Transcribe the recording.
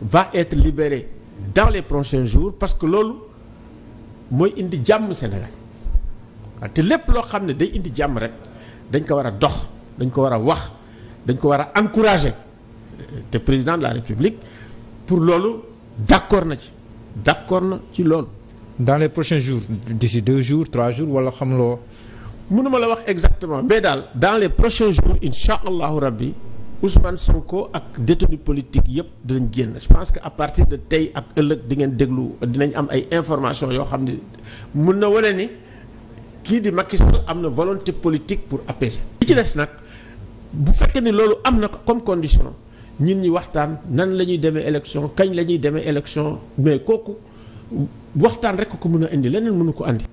va être libéré dans les prochains jours parce que loolu mooy indi jàmm Sénégal waaw te lépp loo xam ne day indi jàmm rek dañ ko war a dox dañ ko war a wax dañ ko war a encourager te président de la République pour loolu d'accord na ci d'accord na ci loolu. dans les prochains jours d'ici deux jours trois jours wala xam loo. mënuma la wax exactement mais daal dans les prochains jours incha allahu rabbi Ousmane Sonko ak détenu politique yëpp dinañ génn je pense que à partir de tey ak ëllëg di ngeen déglu dinañ am ay information yoo xam ne mun na wane ni kii di Macky am na volonté politique pour apaiser. li ci des nag bu fekkee ni loolu am na comme condition ñin ñi waxtaan nan la ñuy demee élection kañ la ñuy demee élection mais kooku waxtaan rek ko mun a indi leneen munu ko indi